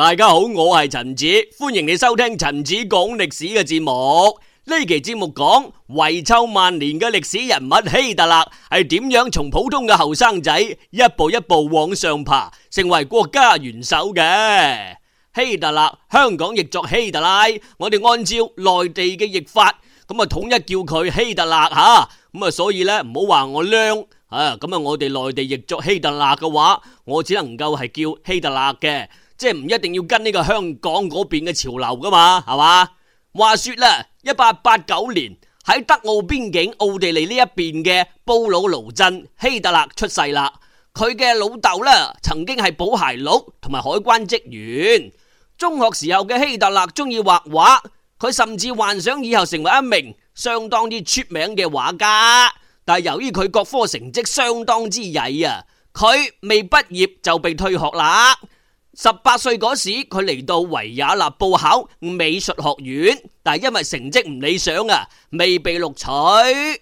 大家好，我係陳子，歡迎你收聽陳子講歷史嘅節目。呢期節目講遺臭萬年嘅歷史人物希特勒係點樣從普通嘅後生仔一步一步往上爬，成為國家元首嘅。希特勒，香港譯作希特拉，我哋按照內地嘅譯法咁啊，統一叫佢希特勒吓咁啊。所以呢，唔好話我靚啊，咁啊，我哋內地譯作希特勒嘅話，我只能夠係叫希特勒嘅。即係唔一定要跟呢個香港嗰邊嘅潮流噶嘛，係嘛？話說啦，一八八九年喺德奧邊境奧地利呢一邊嘅布魯勞鎮，希特勒出世啦。佢嘅老豆呢曾經係補鞋佬同埋海關職員。中學時候嘅希特勒中意畫畫，佢甚至幻想以後成為一名相當之出名嘅畫家。但係由於佢各科成績相當之曳啊，佢未畢業就被退學啦。十八歲嗰時，佢嚟到維也納報考美術學院，但係因為成績唔理想啊，未被錄取。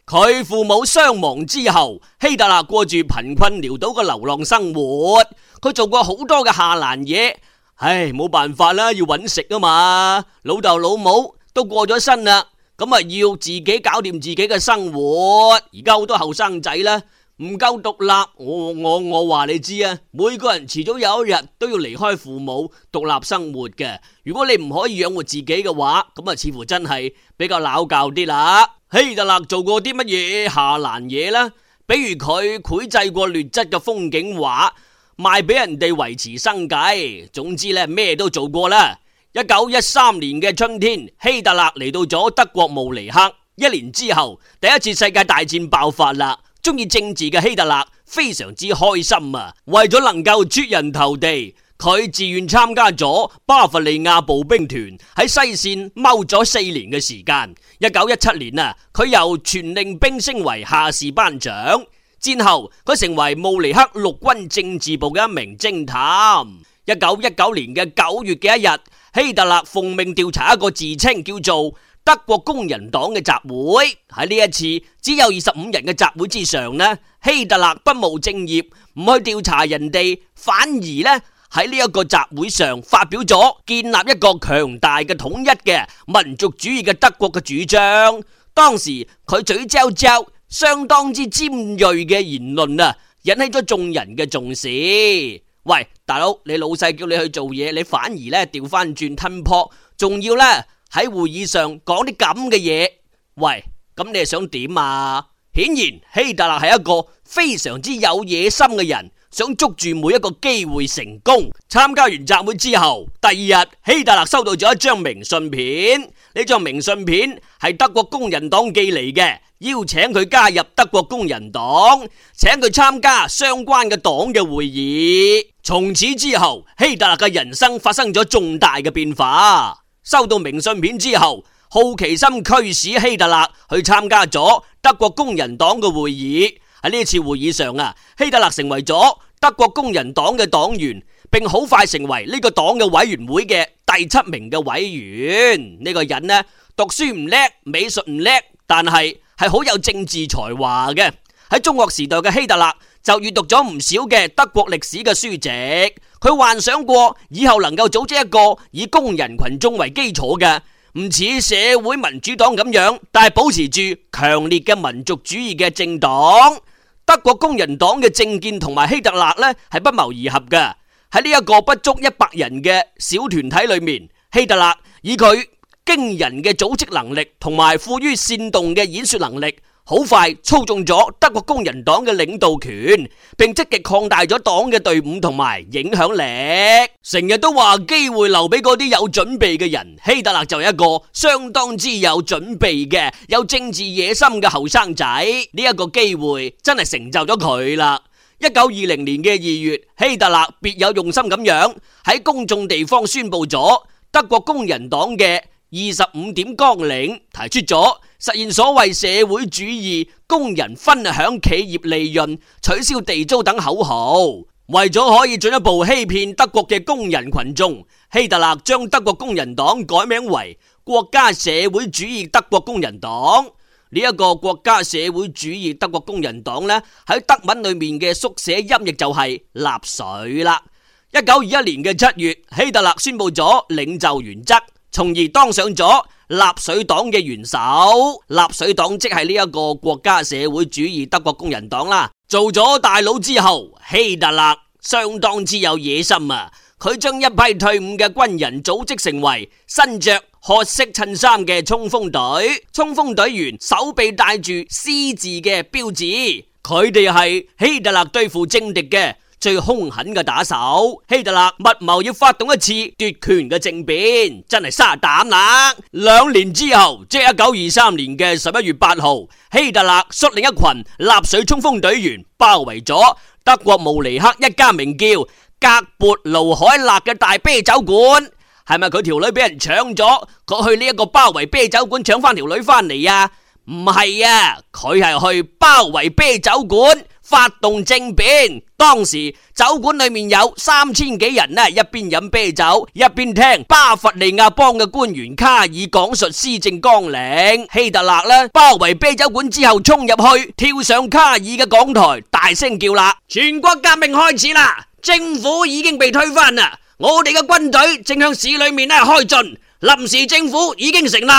佢父母傷亡之後，希特勒過住貧困潦倒嘅流浪生活。佢做過好多嘅下欄嘢，唉，冇辦法啦，要搵食啊嘛。老豆老母都過咗身啦，咁啊要自己搞掂自己嘅生活。而家好多後生仔啦。唔夠獨立，我我我話你知啊。每個人遲早有一日都要離開父母獨立生活嘅。如果你唔可以養活自己嘅話，咁啊，似乎真係比較老教啲啦。希特勒做過啲乜嘢下欄嘢啦？比如佢繪製過劣質嘅風景畫賣俾人哋維持生計。總之呢，咩都做過啦。一九一三年嘅春天，希特勒嚟到咗德國慕尼黑。一年之後，第一次世界大戰爆發啦。中意政治嘅希特勒非常之開心啊！為咗能夠出人頭地，佢自願參加咗巴伐利亞步兵團，喺西線踎咗四年嘅時間。一九一七年啊，佢由全令兵升為下士班長。戰後佢成為慕尼黑陸軍政治部嘅一名偵探。一九一九年嘅九月嘅一日，希特勒奉命調查一個自稱叫做。德國工人黨嘅集會。喺呢一次只有二十五人嘅集會之上呢，希特勒不務正業，唔去調查人哋，反而呢喺呢一個集會上發表咗建立一個強大嘅統一嘅民族主義嘅德國嘅主張。當時佢嘴嚼嚼，相當之尖銳嘅言論啊，引起咗眾人嘅重視。喂，大佬，你老細叫你去做嘢，你反而呢調返轉吞撲，仲要呢？喺會議上講啲咁嘅嘢，喂，咁你係想點啊？顯然希特勒係一個非常之有野心嘅人，想捉住每一個機會成功。參加完集會之後，第二日希特勒收到咗一張明信片，呢張明信片係德國工人黨寄嚟嘅，邀請佢加入德國工人黨，請佢參加相關嘅黨嘅會議。從此之後，希特勒嘅人生發生咗重大嘅變化。收到明信片之後，好奇心驅使希特勒去參加咗德國工人黨嘅會議。喺呢次會議上啊，希特勒成為咗德國工人黨嘅黨員，並好快成為呢個黨嘅委員會嘅第七名嘅委員。呢、呢個人呢，讀書唔叻，美術唔叻，但係係好有政治才華嘅。喺中學時代嘅希特勒就閱讀咗唔少嘅德國歷史嘅書籍。佢幻想過以後能夠組織一個以工人群眾為基礎嘅，唔似社會民主黨咁樣，但係保持住強烈嘅民族主義嘅政黨。德國工人黨嘅政見同埋希特勒呢係不謀而合嘅。喺呢一個不足一百人嘅小團體裏面，希特勒以佢驚人嘅組織能力同埋富於煽動嘅演說能力。好快操縱咗德國工人黨嘅領導權，並積極擴大咗黨嘅隊伍同埋影響力。成日都話機會留俾嗰啲有準備嘅人，希特勒就係一個相當之有準備嘅、有政治野心嘅後生仔。呢一個機會真係成就咗佢啦！一九二零年嘅二月，希特勒別有用心咁樣喺公眾地方宣布咗德國工人黨嘅。25點綱領,提出咗,實現所謂社會主義工人分享企業利潤,取消地租等口號。為咗可以進一步欺騙德國嘅工人群眾,希特勒將德國工人黨改名為國家社會主義德國工人黨。呢一個國家社會主義德國工人黨呢,喺德文裏面嘅縮寫音譯就係納粹啦。1921年嘅7月,希特勒宣布咗領袖原則。從而當上咗納粹黨嘅元首，納粹黨即係呢一個國家社會主義德國工人黨啦。做咗大佬之後，希特勒相當之有野心啊！佢將一批退伍嘅軍人組織成為身着褐色襯衫嘅衝鋒隊，衝鋒隊員手臂戴住 C 字嘅標誌，佢哋係希特勒對付政敵嘅最兇狠嘅打手。希特勒密謀要發動一次奪權嘅政變，真係沙膽啦！兩年之後，即係一九二三年嘅十一月八號，希特勒率領一群納粹衝鋒隊員包圍咗德國慕尼黑一家名叫格勃魯海納嘅大啤酒館。係咪佢條女俾人搶咗？佢去呢一個包圍啤酒館搶翻條女翻嚟啊？唔係啊，佢係去包圍啤酒館。發動政變，當時酒館裏面有三千幾人呢，一邊飲啤酒一邊聽巴伐利亞邦嘅官員卡爾講述施政綱領。希特勒呢，包圍啤酒館之後衝入去，跳上卡爾嘅講臺，大聲叫啦：全國革命開始啦！政府已經被推翻啦！我哋嘅軍隊正向市裏面呢開進，臨時政府已經成立。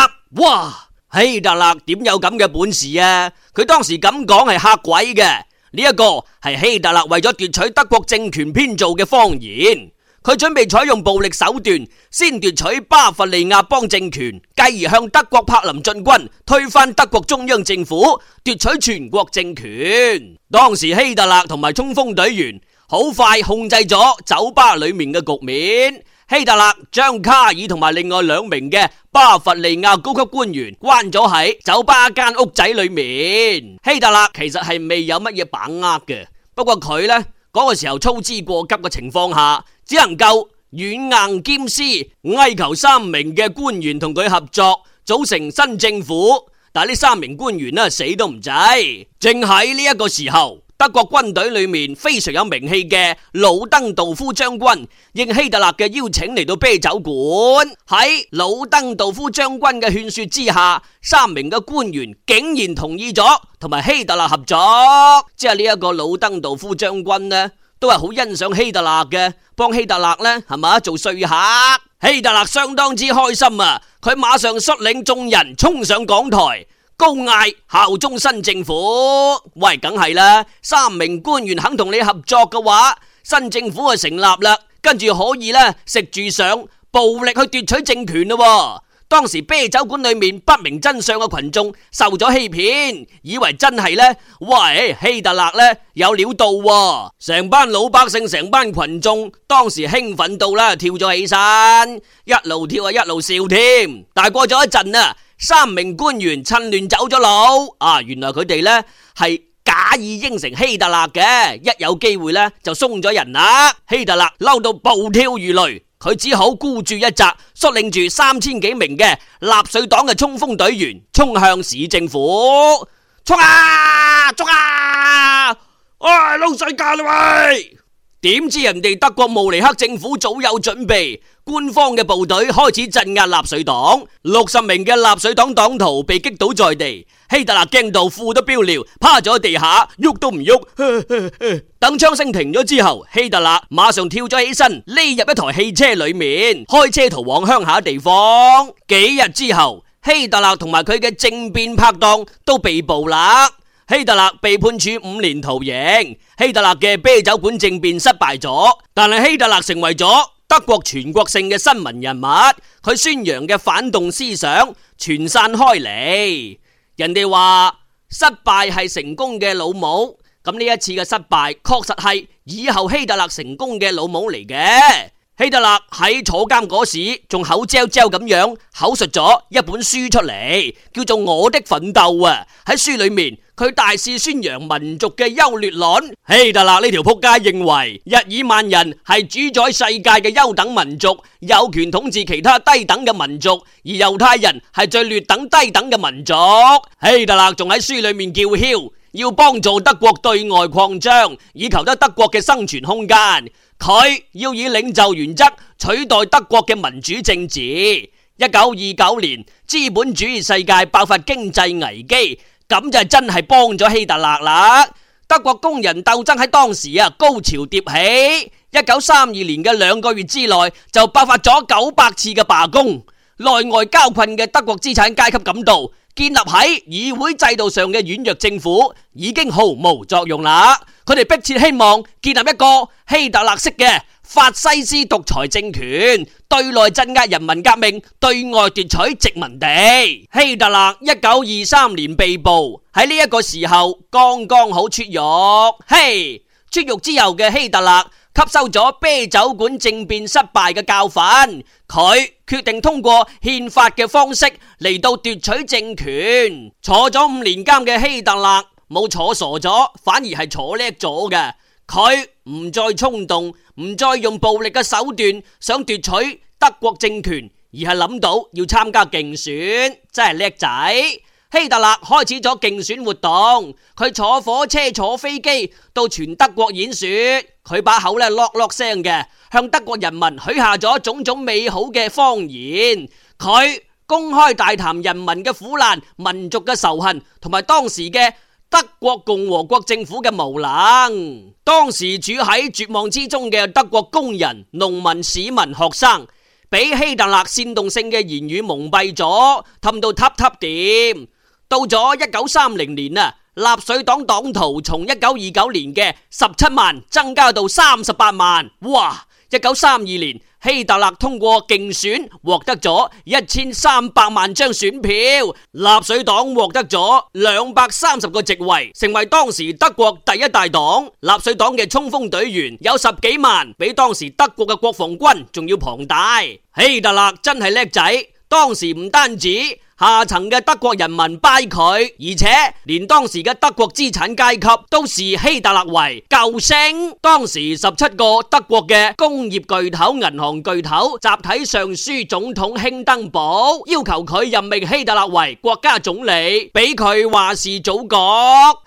哇！希特勒點有咁嘅本事啊？佢當時咁講係嚇鬼嘅。呢一個係希特勒為咗奪取德國政權編造嘅謊言，佢準備採用暴力手段，先奪取巴伐利亞邦政權，繼而向德國柏林進軍，推翻德國中央政府，奪取全國政權。當時希特勒同埋衝鋒隊員好快控制咗酒吧裏面嘅局面。希特勒將卡爾同埋另外兩名嘅巴伐利亞高級官員關咗喺酒吧間屋仔裏面。希特勒其實係未有乜嘢把握嘅，不過佢呢嗰個時候操之過急嘅情況下，只能夠軟硬兼施，哀求三名嘅官員同佢合作組成新政府。但係呢三名官員呢，死都唔制，正喺呢一個時候。德國軍隊裏面非常有名氣嘅魯登道夫將軍應希特勒嘅邀請嚟到啤酒館。喺魯登道夫將軍嘅勸說之下，三名嘅官員竟然同意咗同埋希特勒合作。即係呢一個魯登道夫將軍呢，都係好欣賞希特勒嘅，幫希特勒呢，係咪做說客。希特勒相當之開心啊！佢馬上率領衆人衝上講台。高嗌效忠新政府，喂，梗係啦！三名官員肯同你合作嘅話，新政府就成立啦，跟住可以咧食住上暴力去奪取政權咯喎。當時啤酒館裏面不明真相嘅群眾受咗欺騙，以為真係呢？喂，希特勒呢？有料到啊，成班老百姓、成班群眾當時興奮到啦，跳咗起身，一路跳啊一路笑添。但係過咗一陣啊，三名官員趁亂走咗路，啊，原來佢哋呢係假意應承希特勒嘅，一有機會呢，就鬆咗人啊，希特勒嬲到暴跳如雷。佢只好孤注一擲，率領住三千幾名嘅納粹黨嘅衝鋒隊員，衝向市政府，衝啊衝啊！唉、啊，撈、哎、死家啦喂！點知人哋德國慕尼黑政府早有準備，官方嘅部隊開始鎮壓納粹黨，六十名嘅納粹黨黨徒被擊倒在地，希特勒驚到褲都飆尿，趴咗地下，喐都唔喐。等槍聲停咗之後，希特勒馬上跳咗起身，匿入一台汽車裏面，開車逃往鄉下地方。幾日之後，希特勒同埋佢嘅政變拍檔都被捕啦。希特勒被判處五年徒刑，希特勒嘅啤酒館政變失敗咗，但係希特勒成為咗德國全國性嘅新聞人物。佢宣揚嘅反動思想傳散開嚟，人哋話失敗係成功嘅老母，咁呢一次嘅失敗確實係以後希特勒成功嘅老母嚟嘅。 希特勒喺坐監嗰時，仲口焦焦咁樣口述咗一本書出嚟，叫做《我的奮鬥》啊。喺書裏面。佢大肆宣揚民族嘅優劣論，希特勒呢條仆街認為日耳曼人係主宰世界嘅優等民族，有權統治其他低等嘅民族，而猶太人係最劣等低等嘅民族。希特勒仲喺書裏面叫囂要幫助德國對外擴張，以求得德國嘅生存空間。佢要以領袖原則取代德國嘅民主政治。一九二九年，資本主義世界爆發經濟危機。咁就真係幫咗希特勒啦！德國工人鬥爭喺當時啊高潮迭起，一九三二年嘅兩個月之內就爆發咗九百次嘅罷工，內外交困嘅德國資產階級感到。建立喺議會制度上嘅軟弱政府已經毫無作用啦！佢哋迫切希望建立一個希特勒式嘅法西斯獨裁政權，對內鎮壓人民革命，對外奪取殖民地。希特勒一九二三年被捕，喺呢一個時候剛剛好出獄。嘿，出獄之後嘅希特勒。吸收咗啤酒館政變失敗嘅教訓，佢決定通過憲法嘅方式嚟到奪取政權。坐咗五年監嘅希特勒冇坐傻咗，反而係坐叻咗嘅。佢唔再衝動，唔再用暴力嘅手段想奪取德國政權，而係諗到要參加競選，真係叻仔。希特勒開始咗競選活動，佢坐火車、坐飛機到全德國演說。佢把口咧碌碌聲嘅，向德國人民許下咗種種美好嘅謊言。佢公開大談人民嘅苦難、民族嘅仇恨同埋當時嘅德國共和國政府嘅無能。當時處喺絕望之中嘅德國工人、農民、市民、學生，俾希特勒煽動性嘅言語蒙蔽咗，氹到嗒嗒掂。到咗一九三零年啊！納粹黨黨徒從一九二九年嘅十七萬增加到三十八萬，哇！一九三二年希特勒通過競選獲得咗一千三百萬張選票，納粹黨獲得咗兩百三十個席位，成為當時德國第一大黨。納粹黨嘅衝鋒隊員有十幾萬，比當時德國嘅國防軍仲要龐大。希特勒真係叻仔，當時唔單止。下層嘅德國人民拜佢，而且連當時嘅德國資產階級都視希特勒為救星。當時十七個德國嘅工業巨頭、銀行巨頭集體上書總統興登堡，要求佢任命希特勒為國家總理，俾佢話事祖國。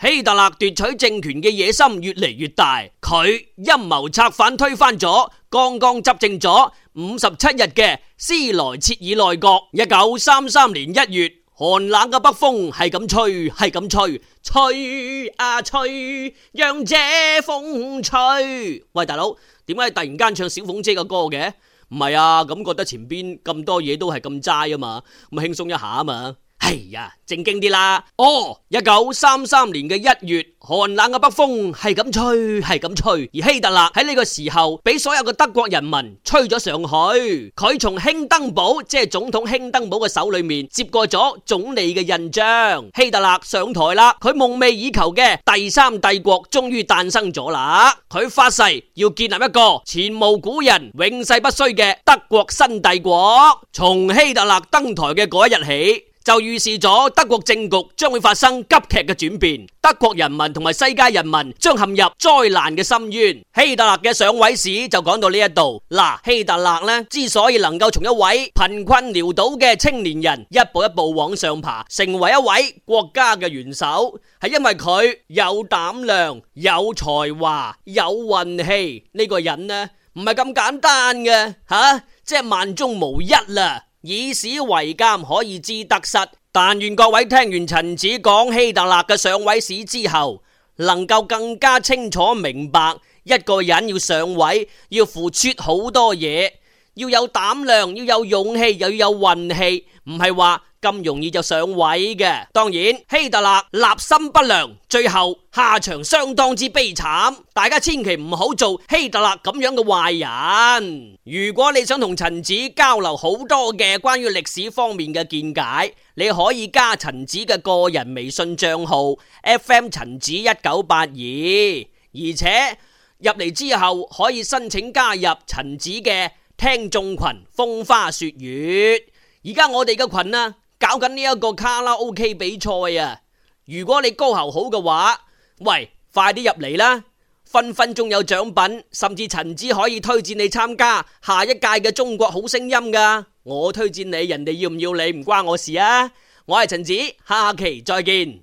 希特勒奪取政權嘅野心越嚟越大，佢陰謀策反推翻咗，剛剛執政咗五十七日嘅斯萊切爾內閣，一九三三年一月，寒冷嘅北風係咁吹，係咁吹，吹啊吹，讓這風吹。喂，大佬，點解突然間唱小鳳姐嘅歌嘅？唔係啊，咁覺得前邊咁多嘢都係咁齋啊嘛，咁輕鬆一下啊嘛。係、哎、呀，正經啲啦。哦，一九三三年嘅一月，寒冷嘅北風係咁吹，係咁吹。而希特勒喺呢個時候俾所有嘅德國人民吹咗上去。佢從興登堡，即係總統興登堡嘅手裏面接過咗總理嘅印章。希特勒上台啦，佢夢寐以求嘅第三帝國終於誕生咗啦。佢發誓要建立一個前無古人、永世不衰嘅德國新帝國。從希特勒登台嘅嗰日起。就預示咗德國政局將會發生急劇嘅轉變，德國人民同埋世界人民將陷入災難嘅深淵。希特勒嘅上位史就講到呢一度，嗱，希特勒呢之所以能夠從一位貧困潦倒嘅青年人一步一步往上爬，成為一位國家嘅元首，係因為佢有膽量、有才華、有運氣呢，這個人呢，唔係咁簡單嘅吓，啊，即係萬中無一啦。以史為鑒，可以知得失。但願各位聽完陳子講希特勒嘅上位史之後，能夠更加清楚明白，一個人要上位，要付出好多嘢，要有膽量，要有勇氣，又要有運氣，唔係話。咁容易就上位嘅，當然希特勒立心不良，最後下場相當之悲慘。大家千祈唔好做希特勒咁樣嘅壞人。如果你想同陳子交流好多嘅關於歷史方面嘅見解，你可以加陳子嘅個人微信賬號 FM 陳子一九八二，而且入嚟之後可以申請加入陳子嘅聽眾群《風花雪月》。而家我哋嘅群啊，搞緊呢一個卡拉 OK 比賽啊！如果你高喉好嘅話，喂，快啲入嚟啦，分分鐘有獎品，甚至陳子可以推薦你參加下一屆嘅中國好聲音㗎。我推薦你，人哋要唔要你唔關我事啊！我係陳子，下期再見。